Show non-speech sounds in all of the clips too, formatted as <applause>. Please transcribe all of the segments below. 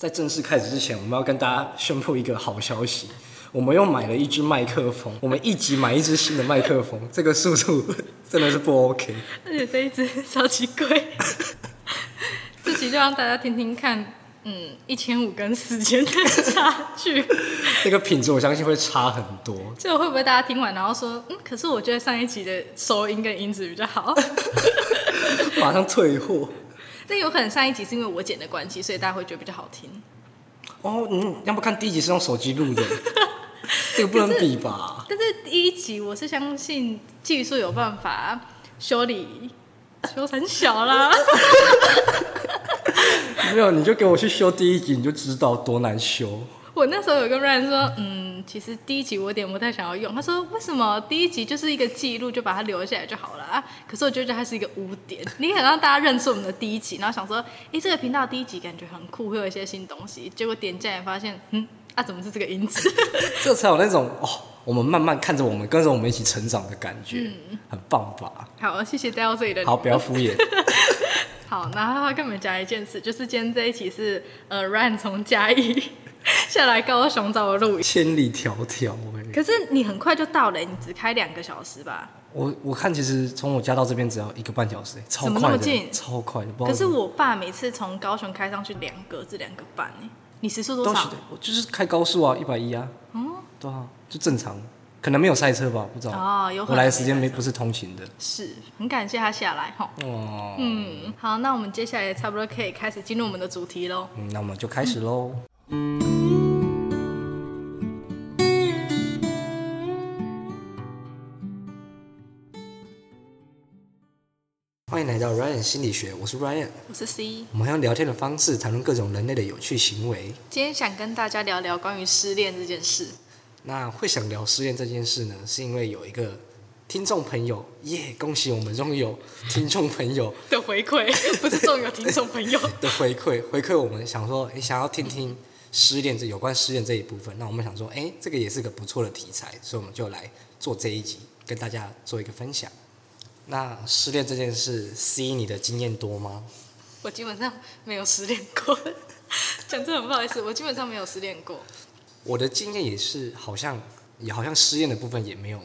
在正式開始之前，我們要跟大家宣布一個好消息：我們又買了一支麥克風。我們一集買一支新的麥克風，這個速度真的是不 OK。而且這一支超級貴， <laughs> 這集就讓大家聽聽看，嗯，一千五跟四千的差距。 <laughs> 這個品質我相信會差很多。這 <laughs> 個會不會大家聽完然後說，嗯，可是我覺得上一集的收音跟音質比較好？ <laughs> <laughs> 馬上退貨。那有可能上一集是因為我剪的關係，所以大家會覺得比較好聽。哦，嗯，要不看第一集是用手機錄的， <laughs> 這個不能比吧？但是第一集我是相信技術有辦法修理 <laughs> 修很小啦。 <laughs> 沒有，你就給我去修第一集，你就知道多難修。我那時候有跟 Ryan 說，嗯，其實第一集我有點不太想要用。他說，為什麼？第一集就是一個記錄，就把它留下來就好了啊？可是我覺得它是一個污點。你很讓大家認識我們的第一集，然後想說，哎、欸，這個頻道第一集感覺很酷，會有一些新東西。結果點進來發現，嗯，啊，怎麼是這個音質？ <laughs> 這才有那種哦，我們慢慢看着我們，跟着我們一起成長的感覺，嗯、很棒吧？好，謝謝待到這裡的，好，不要敷衍。 <laughs> 好，然後他跟我們講一件事，就是今天這一集是呃 Ryan 從嘉義。 <laughs> 下來高雄找我錄影，千里迢迢。可是你很快就到了，你只開兩個小時吧？我我看其實從我家到這邊只要一個半小時哎，超快的，怎麼那麼近？超快的，不知道。可是我爸每次從高雄開上去兩個，這兩個半呢？你時速多少？是就是開高速啊，一百一啊。嗯，多少、啊？就正常，可能沒有賽車吧，不知道。啊、哦，有。我來的時間沒不是通勤的。是很感謝他下來哦。嗯，好，那我們接下來差不多可以開始進入我們的主題嘍。嗯，那我們就開始嘍。嗯歡迎來到 Ryan 心理學，我是 Ryan，我是 C，我們用聊天的方式談論各種人類的有趣行為。今天想跟大家聊聊關於失戀這件事。那會想聊失戀這件事呢，是因為有一個聽眾朋友，耶，yeah，恭喜我們終於有聽眾朋友 <laughs> 的回饋，不是終於有聽眾朋友的 <laughs> 回饋，回饋我們，想說你想要聽聽。失戀這有關失戀這一部分，那我們想說，哎、欸，這個也是個不錯的題材，所以我們就來做這一集，跟大家做一個分享。那失戀這件事，C，你的經驗多嗎？我基本上沒有失戀過，講 <laughs> 真的很不好意思，我基本上沒有失戀過。我的經驗也是，好像也好像失戀的部分也沒有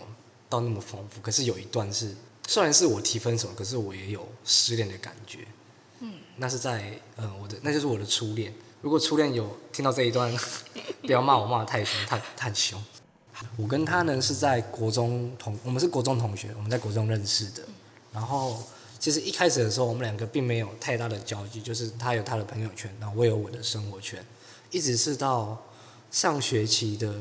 到那麼豐富。可是有一段是，雖然是我提分手，可是我也有失戀的感覺。嗯，那是在嗯、呃、我的那就是我的初戀。如果初戀有聽到這一段，不要罵我罵得太兇、太太兇。我跟他呢是在國中同、我們是國中同學，我們在國中認識的。然後其實一開始的時候，我們兩個並沒有太大的交集，就是他有他的朋友圈，然後我有我的生活圈，一直是到上學期的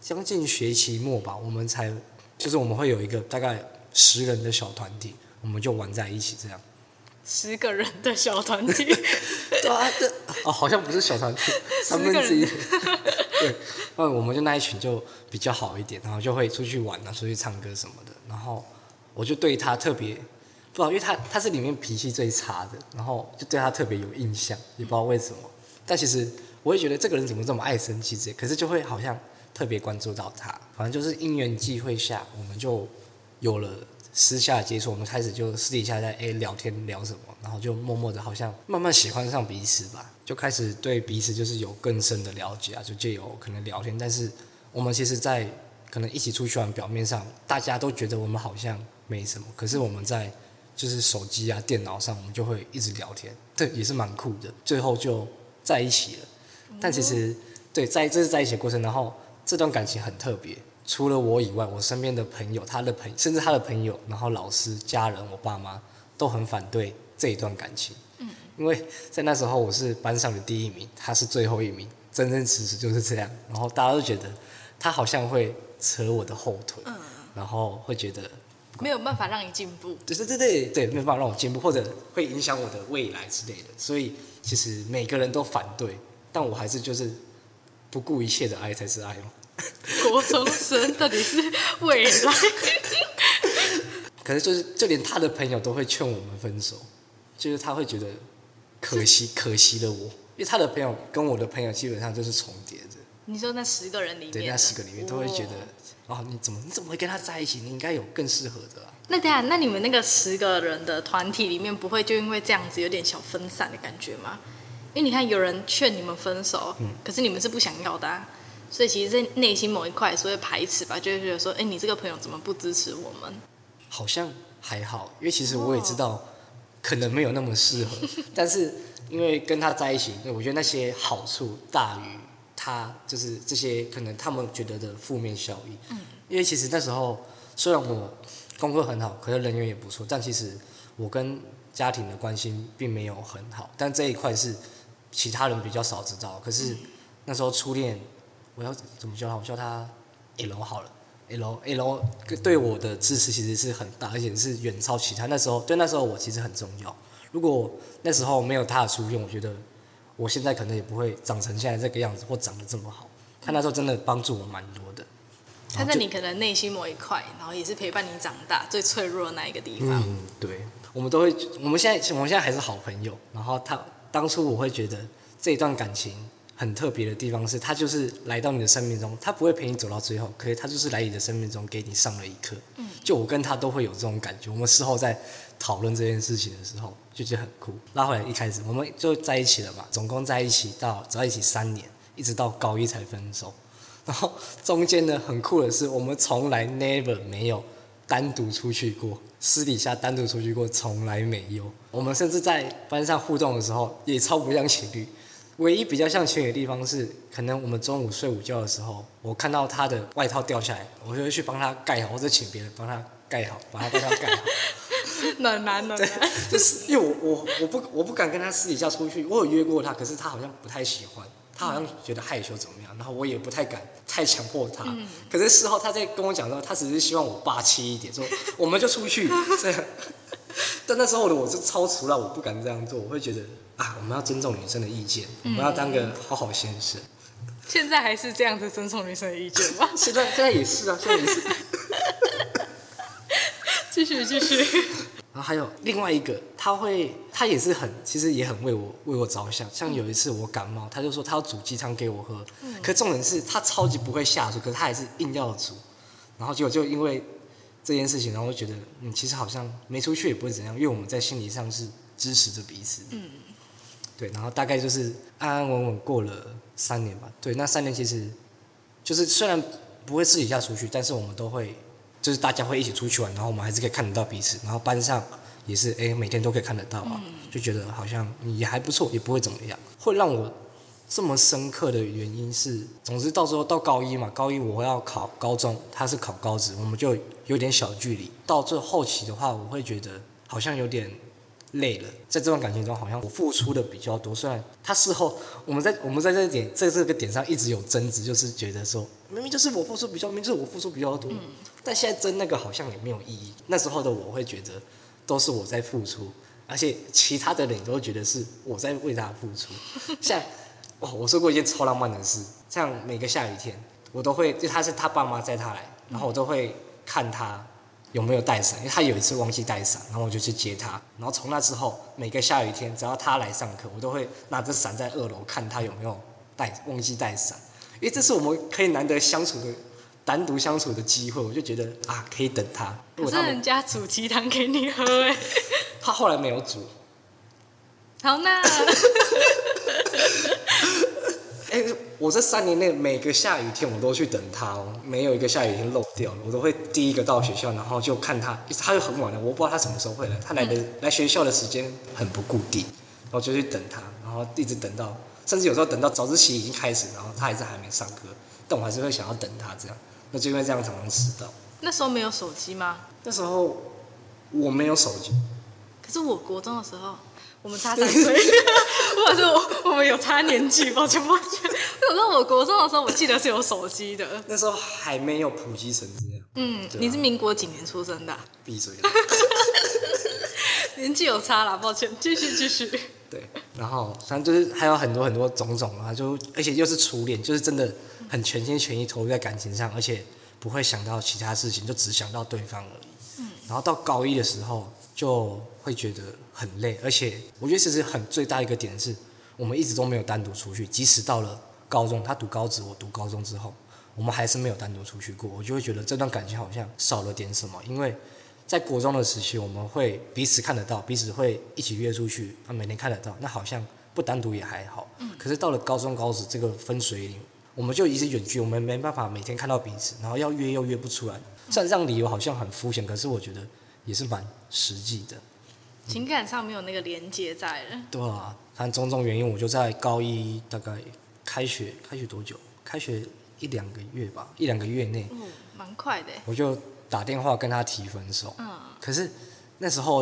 將近學期末吧，我們才就是我們會有一個大概十人的小團體，我們就玩在一起這樣。十個人的小團體， <laughs> 對啊，這哦好像不是小團體，三分之一，對，那我們就那一群就比較好一點，然後就會出去玩啊，出去唱歌什麼的。然後我就對他特別，不知道，因為他他是裡面脾氣最差的，然後就對他特別有印象，也不知道為什麼。但其實我也覺得這個人怎麼這麼愛生氣，這可是就會好像特別關注到他。反正就是因緣際會下，我們就有了。私下接觸，我們開始就私底下在哎、欸、聊天，聊什麼，然後就默默的好像慢慢喜歡上彼此吧，就開始對彼此就是有更深的了解啊，就借由可能聊天。但是我們其實在可能一起出去玩，表面上大家都覺得我們好像沒什麼，可是我們在就是手機啊電腦上，我們就會一直聊天，對，也是蠻酷的。最後就在一起了，但其實對在這是在一起的過程，然後這段感情很特別。除了我以外，我身邊的朋友，他的朋友，甚至他的朋友，然後老師、家人，我爸媽都很反對這一段感情。嗯。因為在那時候我是班上的第一名，他是最後一名，真真實實就是這樣。然後大家都覺得他好像會扯我的後腿。嗯。然後會覺得沒有辦法讓你進步。對對對對對，沒有辦法讓我進步，或者會影響我的未來之類的。所以其實每個人都反對，但我還是就是不顧一切的愛才是愛國中生到底是未來 <laughs> ？ <laughs> 可是就是就連他的朋友都會勸我們分手，就是他會覺得可惜，可惜了我，因為他的朋友跟我的朋友基本上就是重疊的。你說那十個人裡面，對，那十個裡面都會覺得哦，哦，你怎麼你怎麼會跟他在一起？你應該有更適合的、啊。那等下，那你們那個十個人的團體裡面，不會就因為這樣子有點小分散的感覺嗎？嗯、因為你看有人勸你們分手、嗯，可是你們是不想要的、啊。所以其實，內心某一塊，所以排斥吧，就是覺得說，哎，你這個朋友怎麼不支持我們？好像還好，因為其實我也知道，哦、可能沒有那麼適合。 <laughs> 但是因為跟他在一起，我覺得那些好處大於、嗯、他就是這些可能他們覺得的負面效益。嗯。因為其實那時候雖然我工作很好，可是人緣也不錯，但其實我跟家庭的關係並沒有很好。但這一塊是其他人比較少知道。可是那時候初戀。嗯我要怎麼叫他？我叫他 L 好了，L L 對我的支持其實是很大，而且是遠超其他。那時候，對那時候我其實很重要。如果那時候沒有他的出現，我覺得我現在可能也不會長成現在這個樣子，或長得這麼好。他那時候真的幫助我蠻多的。他在你可能內心某一塊，然後也是陪伴你長大最脆弱的那一個地方。嗯，對，我們都會。我們現在，我們現在還是好朋友。然後他當初我會覺得這一段感情。很特別的地方是，他就是來到你的生命中，他不會陪你走到最後，可是他就是來你的生命中給你上了一課。就我跟他都會有這種感覺。我們事後在討論這件事情的時候，就覺得很酷。拉回來一開始，我們就在一起了嘛，總共在一起到走在一起三年，一直到高一才分手。然後中間呢，很酷的是，我們從來 never 沒有單獨出去過，私底下單獨出去過從來沒有。我們甚至在班上互動的時候，也超不像情侶，唯一比較像情侶的地方是，可能我們中午睡午覺的時候，我看到他的外套掉下來，我就會去幫他蓋好，或者請別人幫他蓋好，把他幫他蓋好。暖男呢？對，就是因為我我我不我不敢跟他私底下出去，我有約過他，可是他好像不太喜歡，他好像覺得害羞怎麼樣，然後我也不太敢太強迫他、 <laughs> 嗯。可是事後他在跟我講說，他只是希望我霸氣一點，說我們就出去這樣。 <laughs> <laughs> <laughs> 但那時候的我是超除了，我不敢這樣做，我會覺得。啊，我們要尊重女生的意見，嗯，我們要當個好好先生。現在還是這樣子尊重女生的意見嗎？ <laughs> 現在現在也是啊，現在也是。繼 <laughs> 續繼續。然後還有另外一個，他會他也是很其實也很為我為我着想。像有一次我感冒，他就說他要煮雞湯給我喝。嗯，可重點是他超級不會下廚，可是他還是硬要煮。然後結果就因為這件事情，然後我就覺得嗯，其實好像沒出去也不會怎樣，因為我們在心理上是支持着彼此。嗯嗯。對，然後大概就是安安穩穩過了三年吧。對，那三年其實，就是雖然不會私底下出去，但是我們都會，就是大家會一起出去玩，然後我們還是可以看得到彼此。然後班上也是，哎，每天都可以看得到啊，就覺得好像也還不錯，也不會怎麼樣。會讓我這麼深刻的原因是，總之到時候到高一嘛，高一我要考高中，他是考高職，我們就有點小距離。到最後期的話，我會覺得好像有點。累了，在這段感情中，好像我付出的比較多。雖然他事後，我們在我們在這點在這個點上一直有爭執，就是覺得說，明明就是我付出比較，明明就是我付出比較多。嗯、但現在爭那個好像也沒有意義。那時候的我會覺得，都是我在付出，而且其他的人都覺得是我在為他付出。像，哇，我說過一件超浪漫的事，像每個下雨天，我都會，就他是他爸媽載他來，然後我都會看他。嗯有沒有帶傘？因為他有一次忘記帶傘，然後我就去接他。然後從那之後，每個下雨天，只要他來上課，我都會拿着傘在二樓看他有沒有帶，忘記帶傘。因為這是我們可以難得相處的單獨相處的機會，我就覺得啊，可以等他。我讓人家煮雞湯給你喝哎。他後來沒有煮。好那。 <laughs> 欸我這三年內，每個下雨天我都去等他，哦，沒有一個下雨天漏掉了，我都會第一個到學校，然後就看他，他就很晚了。我不知道他什麼時候會來，他來的，嗯、來學校的時間很不固定，然後就去等他，然後一直等到，甚至有時候等到早自習已經開始，然後他還在還沒上課，但我還是會想要等他這樣，那就因為這樣常常遲到。那時候沒有手機嗎？那時候我沒有手機，可是我國中的時候我們差三歲，或 <laughs> 者 <laughs> 我說我，我們有差年紀，我全部可是我國中的時候，我記得是有手機的。那時候還沒有普及成這樣。嗯，啊，你是民國幾年出生的啊？閉嘴了！ <laughs> 年紀有差了，抱歉。繼續，繼續。對，然後反正就是還有很多很多種種啊，就而且又是初戀，就是真的很全心全意投入在感情上，而且不會想到其他事情，就只想到對方而已。嗯。然後到高一的時候就會覺得很累，而且我覺得其實很最大一個點是我們一直都沒有單獨出去，即使到了。高中他讀高職，我讀高中之後，我們還是沒有單獨出去過。我就會覺得這段感情好像少了點什麼。因為，在國中的時期，我們會彼此看得到，彼此會一起約出去，他每天看得到，那好像不單獨也還好。可是到了高中高職這個分水嶺，我們就一直遠距，我們沒辦法每天看到彼此，然後要約又約不出來。雖然這樣理由好像很膚淺，可是我覺得也是蠻實際的。情感上沒有那個連接在了。嗯、對啊，但種種原因，我就在高一大概。開學開學多久？開學一兩個月吧，一兩個月內，嗯，蠻快的。我就打電話跟他提分手。嗯。可是那時候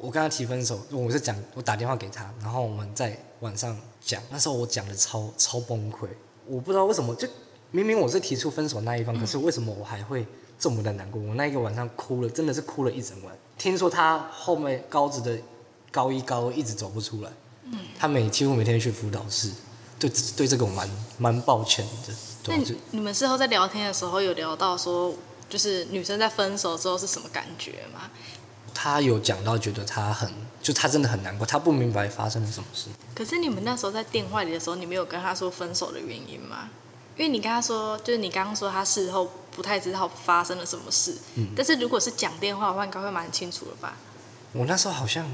我跟他提分手，我是講我打電話給他，然後我們在晚上講。那時候我講得超超崩潰，我不知道為什麼，就明明我是提出分手那一方，嗯，可是為什麼我還會這麼的難過？我那一個晚上哭了，真的是哭了一整晚。聽說他後面高職的高一高二一直走不出來，嗯，他每幾乎每天去輔導室。對對，對這個我蠻蠻抱歉的。對，那你，你們事後，在聊天的時候有聊到說，就是女生在分手之後是什麼感覺嗎？他有講到，覺得他很，就他真的很難過，他不明白發生了什麼事。可是你們那時候在電話裡的時候，你沒有跟他說分手的原因嗎？因為你跟他說，就是你剛剛說他事後不太知道發生了什麼事。嗯。但是如果是講電話的話，應該會蠻清楚了吧？我那時候好像，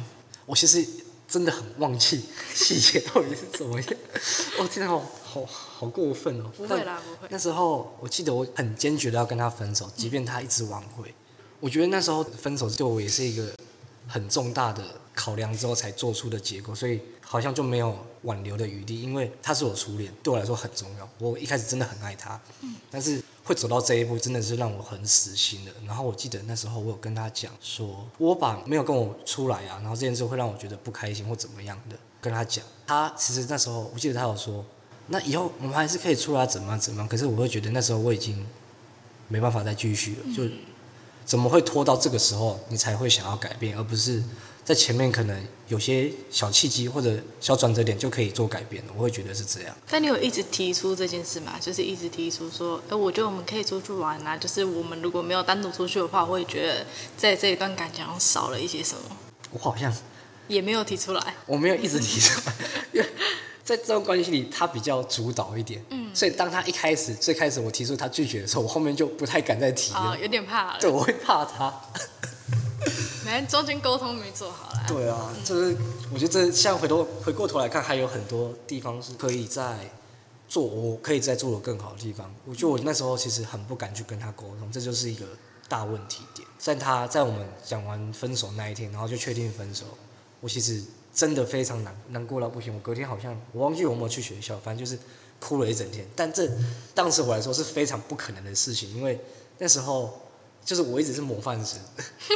我其實。真的很忘記細節到底是怎麼樣，我、 <laughs> 喔、真的好好，好過分哦、喔！不會啦，不會。那時候我記得我很堅決的要跟他分手，即便他一直挽回、嗯。我覺得那時候分手對我也是一個很重大的考量之後才做出的結果，所以好像就沒有挽留的餘地，因為他是我初戀，對我來說很重要。我一開始真的很愛他，嗯、但是會走到這一步，真的是讓我很死心的。然後我記得那時候我有跟他講，說我把沒有跟我出來啊，然後這件事會讓我覺得不開心或怎麼樣的，跟他講。他其實那時候我記得他有說，那以後我們還是可以出來、啊、怎麼樣怎麼樣，可是我會覺得那時候我已經沒辦法再繼續了，就、嗯。怎麼會拖到這個時候你才會想要改變，而不是在前面可能有些小契機或者，小轉折點就可以做改變，我會覺得是這樣。但你有一直提出這件事嗎？就是一直提出說，我覺得我們可以出去玩啊。就是我們如果沒有單獨出去的話，我會覺得在這一段感情上少了一些什麼。我好像也沒有提出來。我沒有一直提出來。 <laughs> 在這段關係裡，他比較主導一點，嗯、所以當他一開始最開始我提出他拒絕的時候，我後面就不太敢再提了，有點怕了，對，我會怕他。反 <laughs> 正中間溝通沒做好啦。對啊，就是我覺得這像回頭回過頭來看，還有很多地方是可以再做，我可以再做的更好的地方。我覺得我那時候其實很不敢去跟他溝通，這就是一個大問題點。在他在我們講完分手那一天，然後就確定分手。我其實真的非常難，難過到不行，我隔天好像我忘記我有沒有去學校，反正就是哭了一整天。但這當時我來說是非常不可能的事情，因為那時候就是我一直是模範生，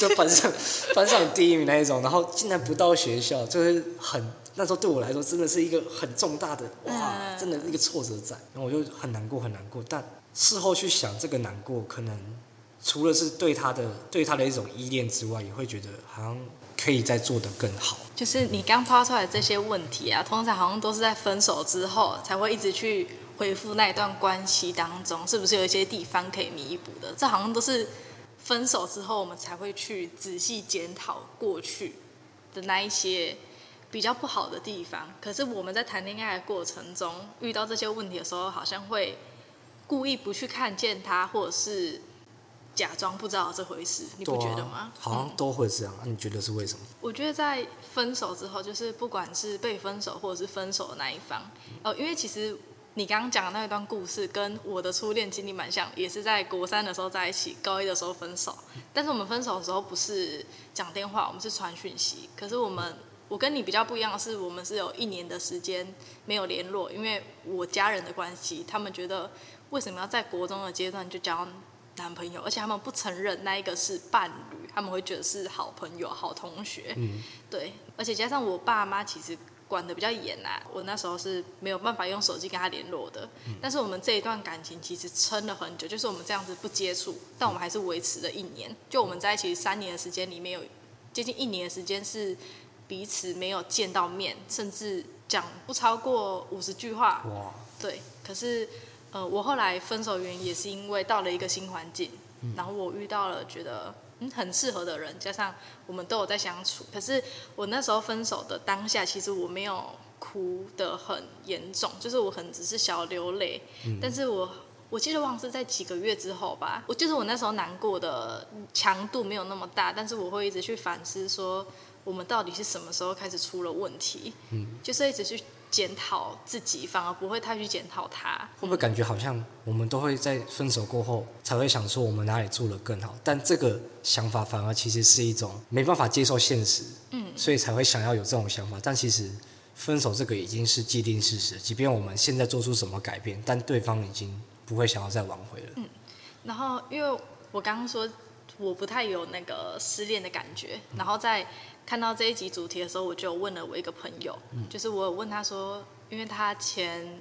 就班上班上第一名那一種，然後竟然不到學校，就是很那時候對我來說真的是一個很重大的哇，真的那一個挫折在，然後我就很難過很難過。但事後去想這個難過，可能除了是對他的對他的一種依戀之外，也會覺得好像。可以再做得更好。就是你剛拋出來這些問題啊，通常好像都是在分手之後才會一直去回復那一段關係當中，是不是有一些地方可以彌補的？這好像都是分手之後我們才會去仔細檢討過去的那一些比較不好的地方。可是我們在談戀愛的過程中遇到這些問題的時候，好像會故意不去看見他，或者是。假裝不知道這回事，你不覺得嗎？啊，好像都會這樣，嗯啊。你覺得是為什麼？我覺得在分手之後，就是不管是被分手或者是分手的那一方，哦，呃，因為其實你剛剛講的那一段故事跟我的初戀經歷蠻像，也是在國三的時候在一起，高一的時候分手。但是我們分手的時候不是講電話，我們是傳訊息。可是我們，我跟你比較不一樣的是，我們是有一年的時間沒有聯絡，因為我家人的關係，他們覺得為什麼要在國中的階段就交。男朋友，而且他們不承認那一個是伴侶，他們會覺得是好朋友、好同學。嗯，對。而且加上我爸媽其實管得比較嚴啊，我那時候是沒有辦法用手機跟他聯絡的，嗯。但是我們這一段感情其實撐了很久，就是我們這樣子不接觸，嗯，但我們還是維持了一年。就我們在一起三年的時間裡面有，有接近一年的時間是彼此沒有見到面，甚至講不超過五十句話。哇，對。可是。呃，我後來分手原因也是因為到了一個新環境。嗯，然後我遇到了覺得嗯很適合的人，加上我們都有在相處。可是我那時候分手的當下，其實我沒有哭得很嚴重，就是我很只是小流淚、嗯。但是我我記得忘記是在幾個月之後吧，我就是我那時候難過的強度沒有那麼大，但是我會一直去反思說，我們到底是什麼時候開始出了問題，嗯，就是一直去。檢討自己，反而不會太去檢討他，嗯。會不會感覺好像我們都會在分手過後才會想說我們哪裡做得更好？但這個想法反而其實是一種沒辦法接受現實，嗯，所以才會想要有這種想法。但其實分手這個已經是既定事實，即便我們現在做出什麼改變，但對方已經不會想要再挽回了。嗯，然後因為我剛剛說我不太有那個失戀的感覺，嗯，然後在。看到這一集主題的時候，我就問了我一個朋友，嗯、就是我有問他說，因為他前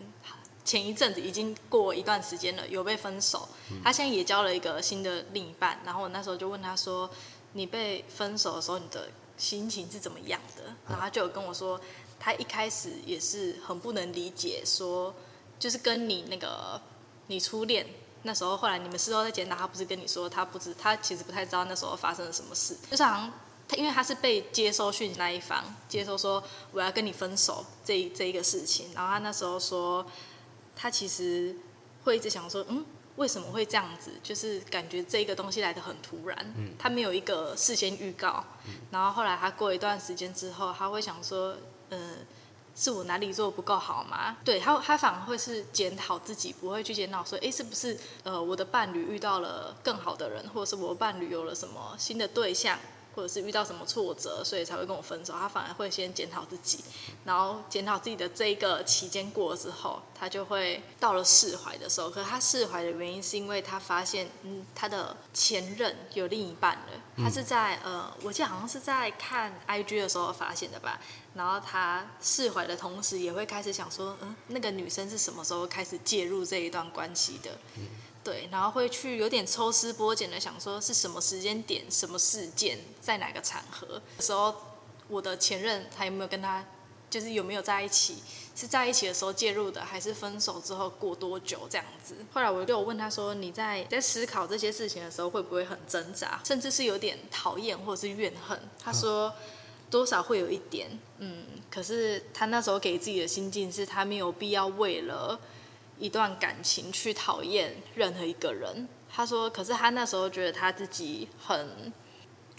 前一陣子已經過一段時間了，有被分手，他現在也交了一個新的另一半。然後我那時候就問他說，你被分手的時候，你的心情是怎麼樣的？然後他就有跟我說，他一開始也是很不能理解說，說就是跟你那個你初戀那時候，後來你們事後在檢討，他不是跟你說他不知他其實不太知道那時候發生了什麼事，就是好像。他因為他是被接收訊的那一方，接收說我要跟你分手這一這一個事情，然後他那時候說，他其實會一直想說，嗯，為什麼會這樣子？就是感覺這個東西來得很突然，他沒有一個事先預告。然後後來他過一段時間之後，他會想說，嗯，是我哪裡做的不夠好嗎？對，他，他反而會是檢討自己，不會去檢討說，哎，是不是呃我的伴侶遇到了更好的人，或者是我伴侶有了什麼新的對象？或者是遇到什麼挫折，所以才會跟我分手。他反而會先檢討自己，然後檢討自己的這一個期間過了之後，他就會到了釋懷的時候。可是他釋懷的原因是因為他發現，嗯，他的前任有另一半了。他是在呃，我記得好像是在看 IG 的時候發現的吧。然後他釋懷的同時，也會開始想說，嗯，那個女生是什麼時候開始介入這一段關係的？對，然後會去有點抽絲剝繭的想說是什麼時間點、什麼事件、在哪個場合那時候，我的前任還有沒有跟他，就是有沒有在一起？是在一起的時候介入的，還是分手之後過多久這樣子？後來我就有問他說：“你在在思考這些事情的時候，會不會很掙扎，甚至是有點討厭或者是怨恨？”他說：“多少會有一點，嗯，可是他那時候給自己的心境是他沒有必要為了。”一段感情去討厭任何一個人，他說，可是他那時候覺得他自己很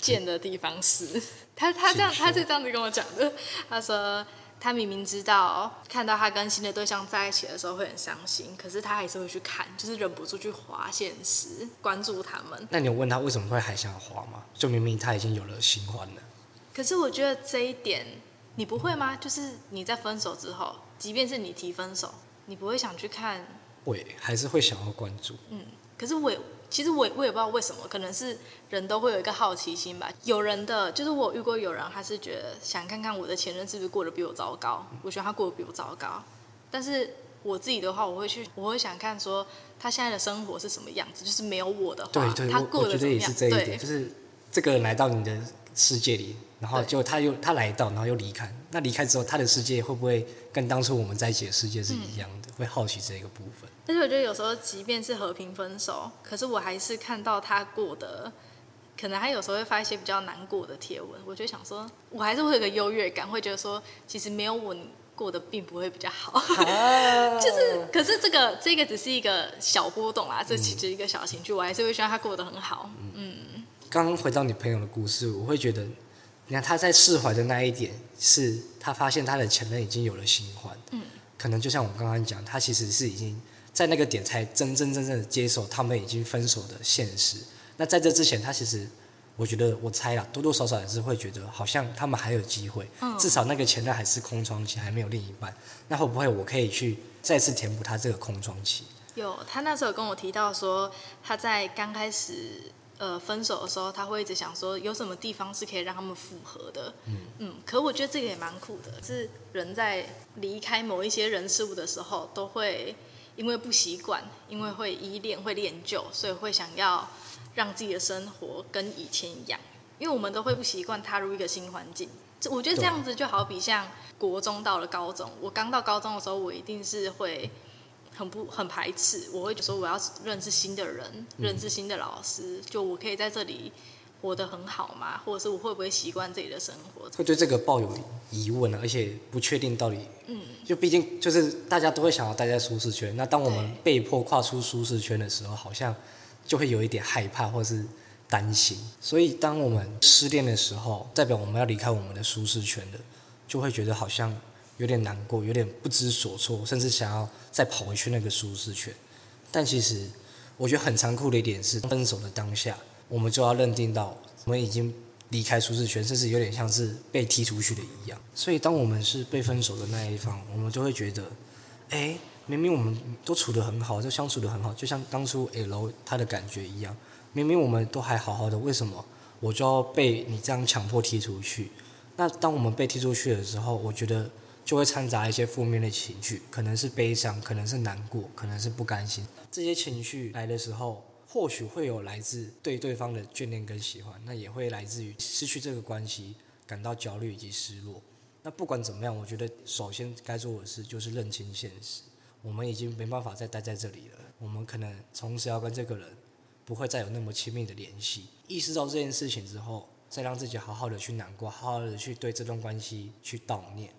賤的地方是、嗯 <laughs> 他，他他這樣他是這樣子跟我講的，他說他明明知道看到他跟新的對象在一起的時候會很傷心，可是他還是會去看，就是忍不住去滑現實，關注他們。那你有問他為什麼會還想滑嗎？就明明他已經有了新歡了。可是我覺得這一點你不會嗎？就是你在分手之後，即便是你提分手。你不會想去看？會，還是會想要關注？嗯，可是我，其實我也，我也不知道為什麼，可能是人都會有一個好奇心吧。有人的，就是我遇過有人，他是覺得想看看我的前任是不是過得比我糟糕。嗯，我覺得他過得比我糟糕。但是我自己的話，我會去，我會想看說他現在的生活是什麼樣子，就是沒有我的話，他過得怎麼樣？對，就是這個人來到你的世界裡。然後就他又他來到，然後又離開。那離開之後，他的世界會不會跟當初我們在一起的世界是一樣的？嗯、會好奇這個部分。但是我覺得有時候，即便是和平分手，可是我還是看到他過得，可能他有時候會發一些比較難過的貼文。我就想說，我還是會有個優越感，會覺得說，其實沒有我，你過得並不會比較好。啊、 <laughs> 就是，可是這個這個只是一個小波動啊，這其實一個小情緒、嗯。我還是會希望他過得很好。嗯。剛、嗯、剛回到你朋友的故事，我會覺得。你看他在釋懷的那一點，是他發現他的前任已經有了新歡，嗯，可能就像我剛剛講，他其實是已經在那個點才真真正正的接受他們已經分手的現實。那在這之前，他其實我覺得我猜啦，多多少少也是會覺得好像他們還有機會，嗯、至少那個前任還是空窗期，還沒有另一半。那會不會我可以去再次填補他這個空窗期？有，他那時候跟我提到說他在剛開始。呃，分手的時候，他會一直想說有什麼地方是可以讓他們復合的嗯。嗯，可我覺得這個也蠻苦的，是人在離開某一些人事物的時候，都會因為不習慣，因為會依戀，會戀舊，所以會想要讓自己的生活跟以前一樣。因為我們都會不習慣踏入一個新環境。我覺得這樣子就好比像國中到了高中，我剛到高中的時候，我一定是會。很不很排斥，我會覺得說，我要認識新的人、嗯，認識新的老師，就我可以在這裡活得很好嗎？或者是我會不會習慣自己的生活？會對這個抱有疑問、啊、而且不確定到底，嗯，就畢竟就是大家都會想要待在舒適圈。那當我們被迫跨出舒適圈的時候，好像就會有一點害怕或是擔心。所以當我們失戀的時候，代表我們要離開我們的舒適圈的，就會覺得好像。有點難過，有點不知所措，甚至想要再跑回去那個舒適圈。但其實，我覺得很殘酷的一點是，分手的當下，我們就要認定到我們已經離開舒適圈，甚至有點像是被踢出去的一樣。所以，當我們是被分手的那一方，我們就會覺得，哎，明明我們都處得很好，就相處得很好，就像當初 L 他的感覺一樣。明明我們都還好好的，為什麼我就要被你這樣強迫踢出去？那當我們被踢出去的時候，我覺得。就會摻雜一些負面的情緒，可能是悲傷，可能是難過，可能是不甘心。這些情緒來的時候，或許會有來自對對方的眷戀跟喜歡，那也會來自於失去這個關係感到焦慮以及失落。那不管怎麼樣，我覺得首先該做的事就是認清現實，我們已經沒辦法再待在這裡了。我們可能從此要跟這個人不會再有那麼親密的聯繫。意識到這件事情之後，再讓自己好好的去難過，好好的去對這段關係去悼念。